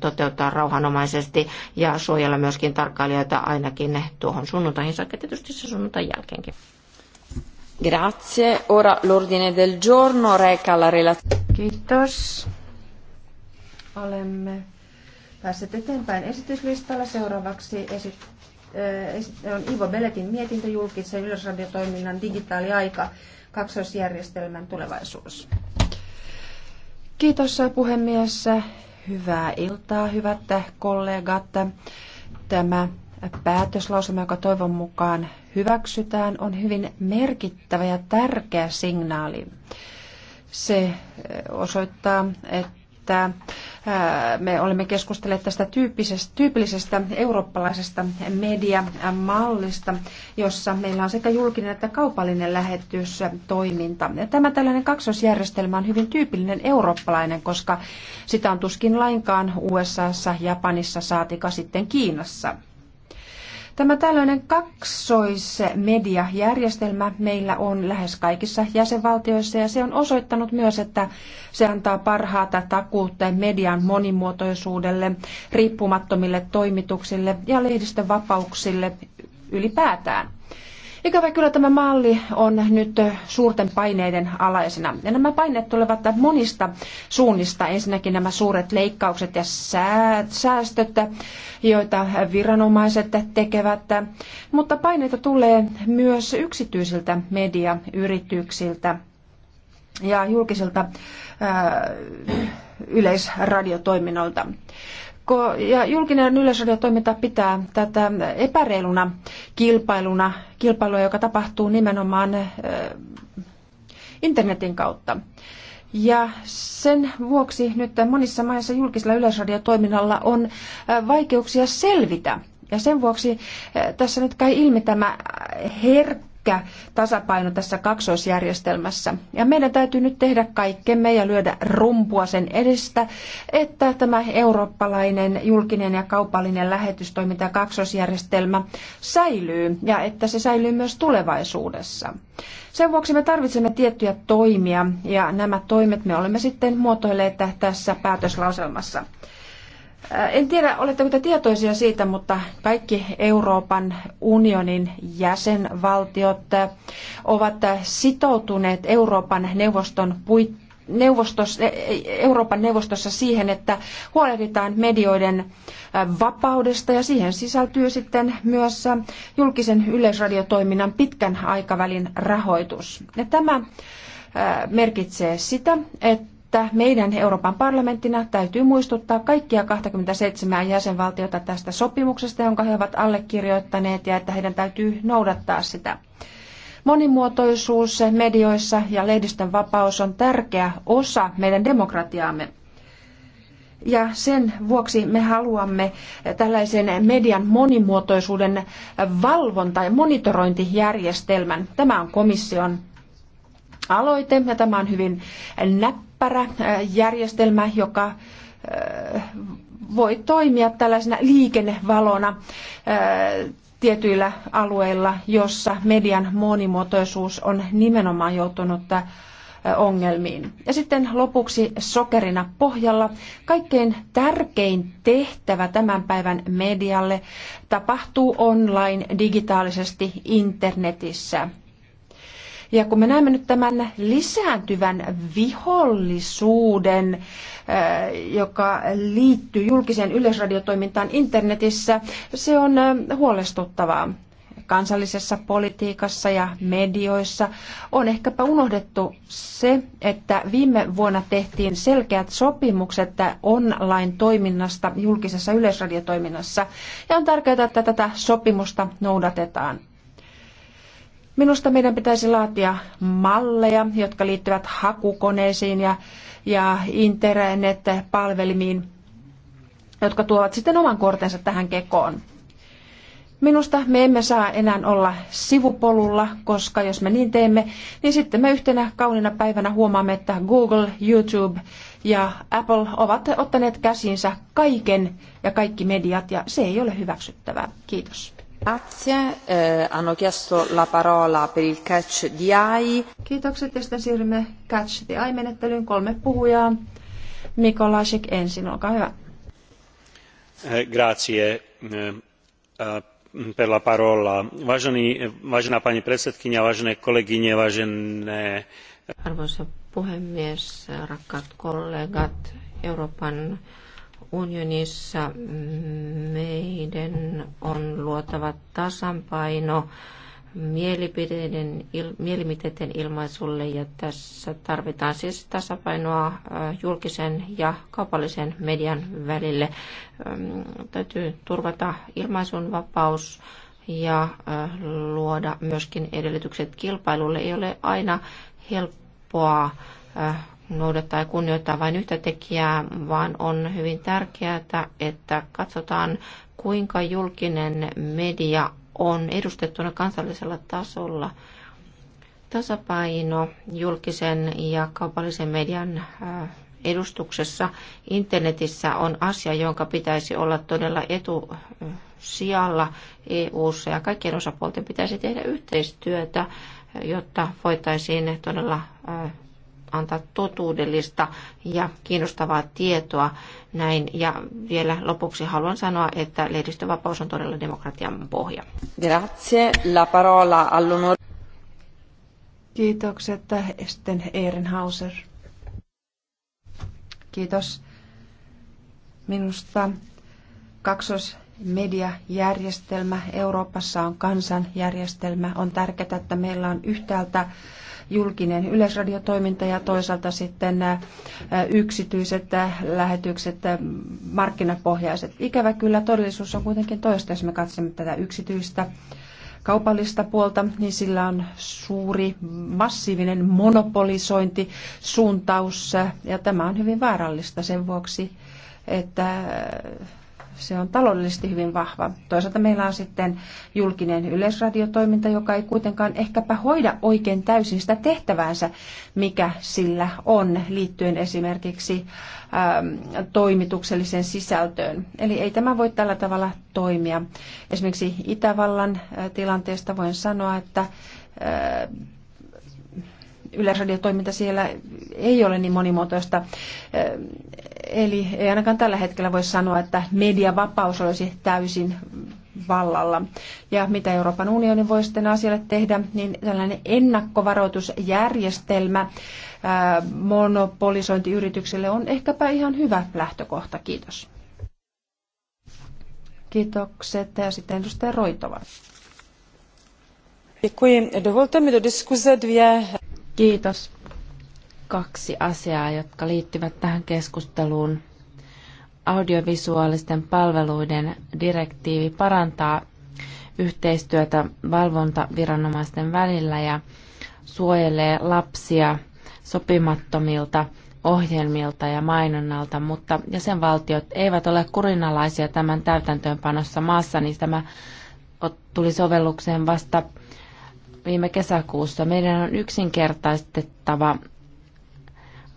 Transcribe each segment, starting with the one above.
toteuttaa rauhanomaisesti ja suojella myöskin tarkkailijoita ainakin tuohon sunnuntaihin saakka, tietysti se sunnuntain jälkeenkin. Grazie. Ora l'ordine del giorno reca la relazione. Kiitos. Olemme päässeet eteenpäin esityslistalla. Seuraavaksi esit äh, on Ivo Beletin mietintö julkisen yleisradiotoiminnan digitaaliaika, kaksoisjärjestelmän tulevaisuus. Kiitos äh, puhemies. Hyvää iltaa, hyvät kollegat. Tämä päätöslausuma, joka toivon mukaan hyväksytään, on hyvin merkittävä ja tärkeä signaali. Se eh, osoittaa, että me olemme keskustelleet tästä tyyppisestä, tyypillisestä eurooppalaisesta mediamallista, jossa meillä on sekä julkinen että kaupallinen lähetystoiminta. Ja tämä tällainen kaksosjärjestelmä on hyvin tyypillinen eurooppalainen, koska sitä on tuskin lainkaan USAssa, Japanissa saatika sitten Kiinassa. Tämä tällainen kaksoismediajärjestelmä meillä on lähes kaikissa jäsenvaltioissa ja se on osoittanut myös, että se antaa parhaata takuutta median monimuotoisuudelle, riippumattomille toimituksille ja lehdistön vapauksille ylipäätään. Ikävä kyllä tämä malli on nyt suurten paineiden alaisena. Ja nämä paineet tulevat monista suunnista. Ensinnäkin nämä suuret leikkaukset ja säästöt, joita viranomaiset tekevät. Mutta paineita tulee myös yksityisiltä mediayrityksiltä ja julkisilta ää, äh, yleisradiotoiminnolta ja julkinen yleisradiotoiminta pitää tätä epäreiluna kilpailuna, kilpailua, joka tapahtuu nimenomaan internetin kautta. Ja sen vuoksi nyt monissa maissa julkisella yleisradiotoiminnalla on vaikeuksia selvitä. Ja sen vuoksi tässä nyt käy ilmi tämä herkkä pitkä tasapaino tässä kaksoisjärjestelmässä. Ja meidän täytyy nyt tehdä kaikkemme ja lyödä rumpua sen edestä, että tämä eurooppalainen julkinen ja kaupallinen lähetystoiminta ja kaksoisjärjestelmä säilyy ja että se säilyy myös tulevaisuudessa. Sen vuoksi me tarvitsemme tiettyjä toimia ja nämä toimet me olemme sitten muotoilleet tässä päätöslauselmassa. En tiedä, oletteko te tietoisia siitä, mutta kaikki Euroopan unionin jäsenvaltiot ovat sitoutuneet Euroopan neuvoston puitteissa neuvostos- e, e, Euroopan neuvostossa siihen, että huolehditaan medioiden vapaudesta ja siihen sisältyy sitten myös julkisen yleisradiotoiminnan pitkän aikavälin rahoitus. Ja tämä merkitsee sitä, että että meidän Euroopan parlamenttina täytyy muistuttaa kaikkia 27 jäsenvaltiota tästä sopimuksesta, jonka he ovat allekirjoittaneet ja että heidän täytyy noudattaa sitä. Monimuotoisuus medioissa ja lehdistön vapaus on tärkeä osa meidän demokratiaamme. Ja sen vuoksi me haluamme tällaisen median monimuotoisuuden valvonta- ja monitorointijärjestelmän. Tämä on komission aloite ja tämä on hyvin näppä näppärä äh, järjestelmä, joka äh, voi toimia tällaisena liikennevalona äh, tietyillä alueilla, jossa median monimuotoisuus on nimenomaan joutunut ongelmiin. Ja sitten lopuksi sokerina pohjalla. Kaikkein tärkein tehtävä tämän päivän medialle tapahtuu online digitaalisesti internetissä. Ja kun me näemme nyt tämän lisääntyvän vihollisuuden, äh, joka liittyy julkiseen yleisradiotoimintaan internetissä, se on äh, huolestuttavaa kansallisessa politiikassa ja medioissa on ehkäpä unohdettu se, että viime vuonna tehtiin selkeät sopimukset online-toiminnasta julkisessa yleisradiotoiminnassa ja on tärkeää, että tätä sopimusta noudatetaan. Minusta meidän pitäisi laatia malleja, jotka liittyvät hakukoneisiin ja, ja internet-palvelimiin, jotka tuovat sitten oman kortensa tähän kekoon. Minusta me emme saa enää olla sivupolulla, koska jos me niin teemme, niin sitten me yhtenä kaunina päivänä huomaamme, että Google, YouTube ja Apple ovat ottaneet käsinsä kaiken ja kaikki mediat, ja se ei ole hyväksyttävää. Kiitos. Kiitokset ja sitten siirrymme Catch the Eye-menettelyyn. Kolme puhujaa. Mikolasik ensin, olkaa hyvä. Eh, grazie eh, eh, per la parola. Vážený, vážená pani predsedkynia, vážené kolegyne, vážené... Arvoisa puhemies, rakkaat kollegat, Euroopan unionissa meidän on luotava tasapaino mielipiteiden, il, mielipiteiden ilmaisulle ja tässä tarvitaan siis tasapainoa äh, julkisen ja kaupallisen median välille. Ähm, täytyy turvata ilmaisun vapaus ja äh, luoda myöskin edellytykset kilpailulle. Ei ole aina helppoa äh, noudattaa ja kunnioittaa vain yhtä tekijää, vaan on hyvin tärkeää, että katsotaan, kuinka julkinen media on edustettuna kansallisella tasolla. Tasapaino julkisen ja kaupallisen median äh, edustuksessa internetissä on asia, jonka pitäisi olla todella etu äh, sijalla EU:ssa ja kaikkien osapuolten pitäisi tehdä yhteistyötä, äh, jotta voitaisiin todella antaa totuudellista ja kiinnostavaa tietoa näin. Ja vielä lopuksi haluan sanoa, että lehdistövapaus on todella demokratian pohja. Grazie. La parola all'onore. Kiitokset. Esten Ehrenhauser. Kiitos. Minusta kaksos mediajärjestelmä Euroopassa on kansanjärjestelmä. On tärkeää, että meillä on yhtäältä julkinen yleisradiotoiminta ja toisaalta sitten yksityiset lähetykset, markkinapohjaiset. Ikävä kyllä todellisuus on kuitenkin toista, jos me katsomme tätä yksityistä kaupallista puolta, niin sillä on suuri massiivinen monopolisointi, suuntaus ja tämä on hyvin vaarallista sen vuoksi, että se on taloudellisesti hyvin vahva. Toisaalta meillä on sitten julkinen yleisradiotoiminta, joka ei kuitenkaan ehkäpä hoida oikein täysin sitä tehtäväänsä, mikä sillä on liittyen esimerkiksi äm, toimitukselliseen sisältöön. Eli ei tämä voi tällä tavalla toimia. Esimerkiksi Itävallan äh, tilanteesta voin sanoa, että ää, äh, yleisradiotoiminta siellä ei ole niin monimuotoista. Äh, Eli ei ainakaan tällä hetkellä voi sanoa, että mediavapaus olisi täysin vallalla. Ja mitä Euroopan unioni voi sitten asialle tehdä, niin tällainen ennakkovaroitusjärjestelmä monopolisointiyrityksille monopolisointiyritykselle on ehkäpä ihan hyvä lähtökohta. Kiitos. Kiitokset. Ja sitten edustaja Roitova. Kiitos kaksi asiaa, jotka liittyvät tähän keskusteluun. Audiovisuaalisten palveluiden direktiivi parantaa yhteistyötä valvontaviranomaisten välillä ja suojelee lapsia sopimattomilta ohjelmilta ja mainonnalta, mutta jäsenvaltiot eivät ole kurinalaisia tämän täytäntöönpanossa maassa, niin tämä tuli sovellukseen vasta viime kesäkuussa. Meidän on yksinkertaistettava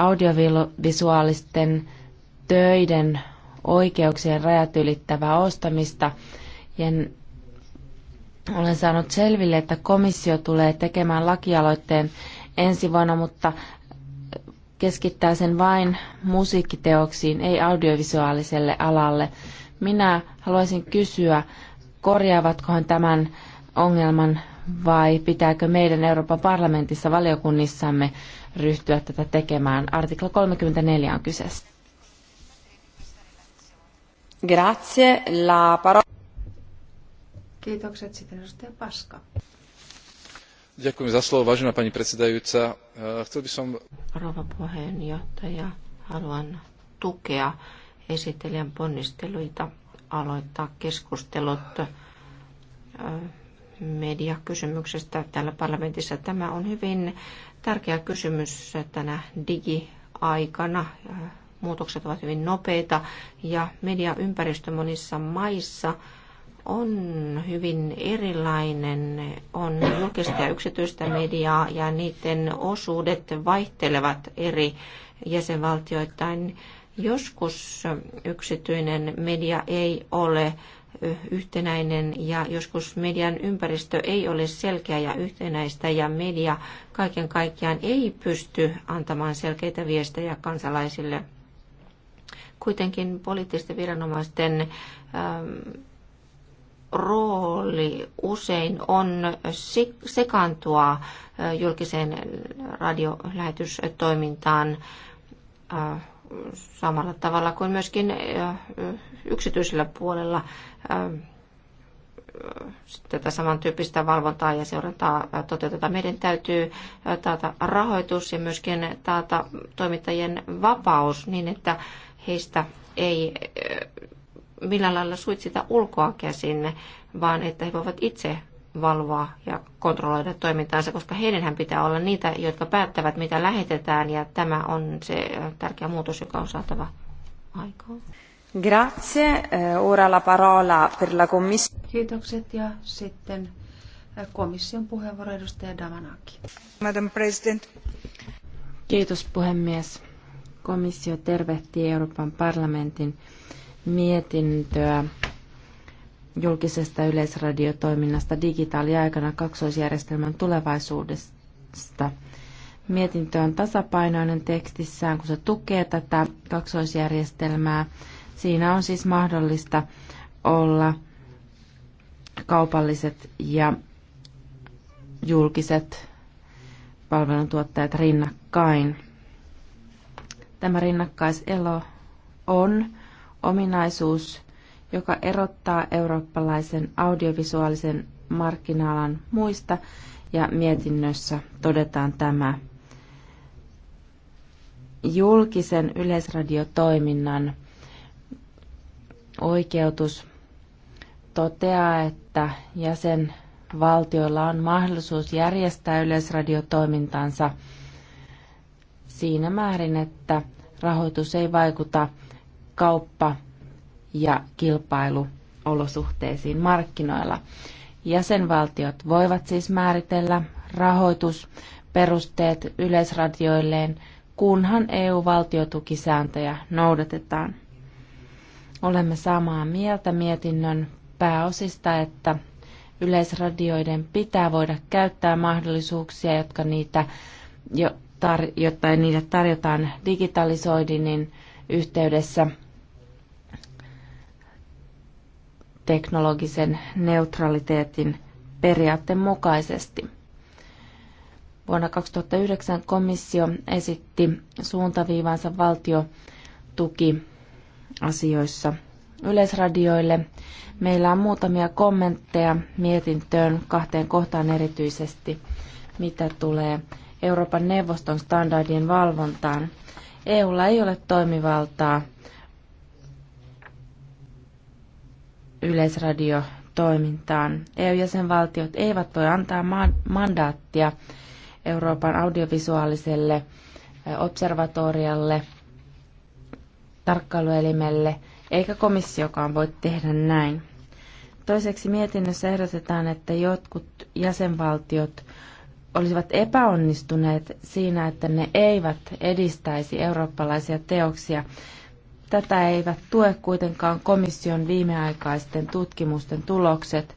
audiovisuaalisten töiden oikeuksien rajat ylittävää ostamista. Ja olen saanut selville, että komissio tulee tekemään lakialoitteen ensi vuonna, mutta keskittää sen vain musiikkiteoksiin, ei audiovisuaaliselle alalle. Minä haluaisin kysyä, korjaavatkohan tämän ongelman vai pitääkö meidän Euroopan parlamentissa valiokunnissamme ryhtyä tätä tekemään. Artikla 34 on kyseessä. Grazie. La paro... Kiitokset sitten edustaja Paska. Ďakujem za slovo, vážená pani predsedajúca. Eh, chcel by som... puheenjohtaja, haluan tukea esittelijän ponnisteluita aloittaa keskustelut eh, mediakysymyksestä täällä parlamentissa. Tämä on hyvin tärkeä kysymys tänä digiaikana. Muutokset ovat hyvin nopeita ja mediaympäristö monissa maissa on hyvin erilainen. On julkista ja yksityistä mediaa ja niiden osuudet vaihtelevat eri jäsenvaltioittain. Joskus yksityinen media ei ole yhtenäinen ja joskus median ympäristö ei ole selkeä ja yhtenäistä ja media kaiken kaikkiaan ei pysty antamaan selkeitä viestejä kansalaisille. Kuitenkin poliittisten viranomaisten ähm, rooli usein on sekaantua äh, julkiseen radiolähetystoimintaan äh, samalla tavalla kuin myöskin yksityisellä puolella tätä samantyyppistä valvontaa ja seurantaa toteutetaan. Meidän täytyy taata rahoitus ja myöskin taata toimittajien vapaus niin, että heistä ei millään lailla suitsita ulkoa käsin, vaan että he voivat itse valvoa ja kontrolloida toimintaansa, koska heidänhän pitää olla niitä, jotka päättävät, mitä lähetetään, ja tämä on se tärkeä muutos, joka on saatava aikaan. Grazie. Eh, ora la parola per la commissione. Kiitokset ja sitten eh, komission puheenvuoro edustaja Damanaki. Madam President. Kiitos puhemies. Komissio tervehtii Euroopan parlamentin mietintöä julkisesta yleisradiotoiminnasta digitaaliaikana kaksoisjärjestelmän tulevaisuudesta. Mietintö on tasapainoinen tekstissään, kun se tukee tätä kaksoisjärjestelmää. Siinä on siis mahdollista olla kaupalliset ja julkiset palveluntuottajat rinnakkain. Tämä rinnakkaiselo on ominaisuus, joka erottaa eurooppalaisen audiovisuaalisen markkina-alan muista, ja mietinnössä todetaan tämä. Julkisen yleisradiotoiminnan oikeutus toteaa, että jäsenvaltioilla on mahdollisuus järjestää yleisradiotoimintansa siinä määrin, että rahoitus ei vaikuta kauppa- ja kilpailuolosuhteisiin markkinoilla. Jäsenvaltiot voivat siis määritellä rahoitusperusteet yleisradioilleen, kunhan EU-valtiotukisääntöjä noudatetaan. Olemme samaa mieltä mietinnön pääosista, että yleisradioiden pitää voida käyttää mahdollisuuksia, jotka niitä jo tar- jotta niitä tarjotaan digitalisoidinnin yhteydessä – teknologisen neutraliteetin periaatteen mukaisesti. Vuonna 2009 komissio esitti suuntaviivansa asioissa yleisradioille. Meillä on muutamia kommentteja mietintöön kahteen kohtaan erityisesti, mitä tulee Euroopan neuvoston standardien valvontaan. EUlla ei ole toimivaltaa yleisradiotoimintaan. EU-jäsenvaltiot eivät voi antaa mandaattia Euroopan audiovisuaaliselle observatorialle, tarkkailuelimelle, eikä komissiokaan voi tehdä näin. Toiseksi mietinnössä ehdotetaan, että jotkut jäsenvaltiot olisivat epäonnistuneet siinä, että ne eivät edistäisi eurooppalaisia teoksia Tätä eivät tue kuitenkaan komission viimeaikaisten tutkimusten tulokset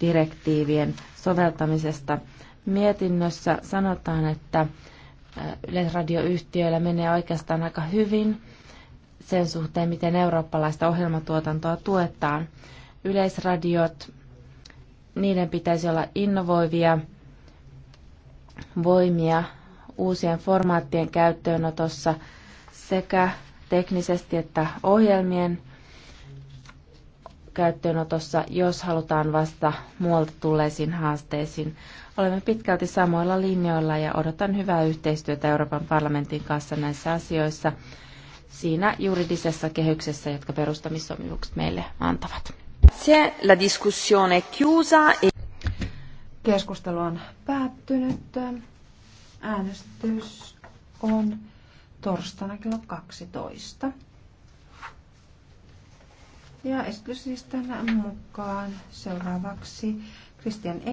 direktiivien soveltamisesta. Mietinnössä sanotaan, että yleisradioyhtiöillä menee oikeastaan aika hyvin sen suhteen, miten eurooppalaista ohjelmatuotantoa tuetaan. Yleisradiot, niiden pitäisi olla innovoivia voimia uusien formaattien käyttöönotossa sekä teknisesti että ohjelmien käyttöönotossa, jos halutaan vasta muualta tulleisiin haasteisiin. Olemme pitkälti samoilla linjoilla ja odotan hyvää yhteistyötä Euroopan parlamentin kanssa näissä asioissa siinä juridisessa kehyksessä, jotka perustamissopimukset meille antavat. La discussione chiusa e... Keskustelu on päättynyt. Äänestys on torstaina kello 12. Ja tänään mukaan seuraavaksi Christian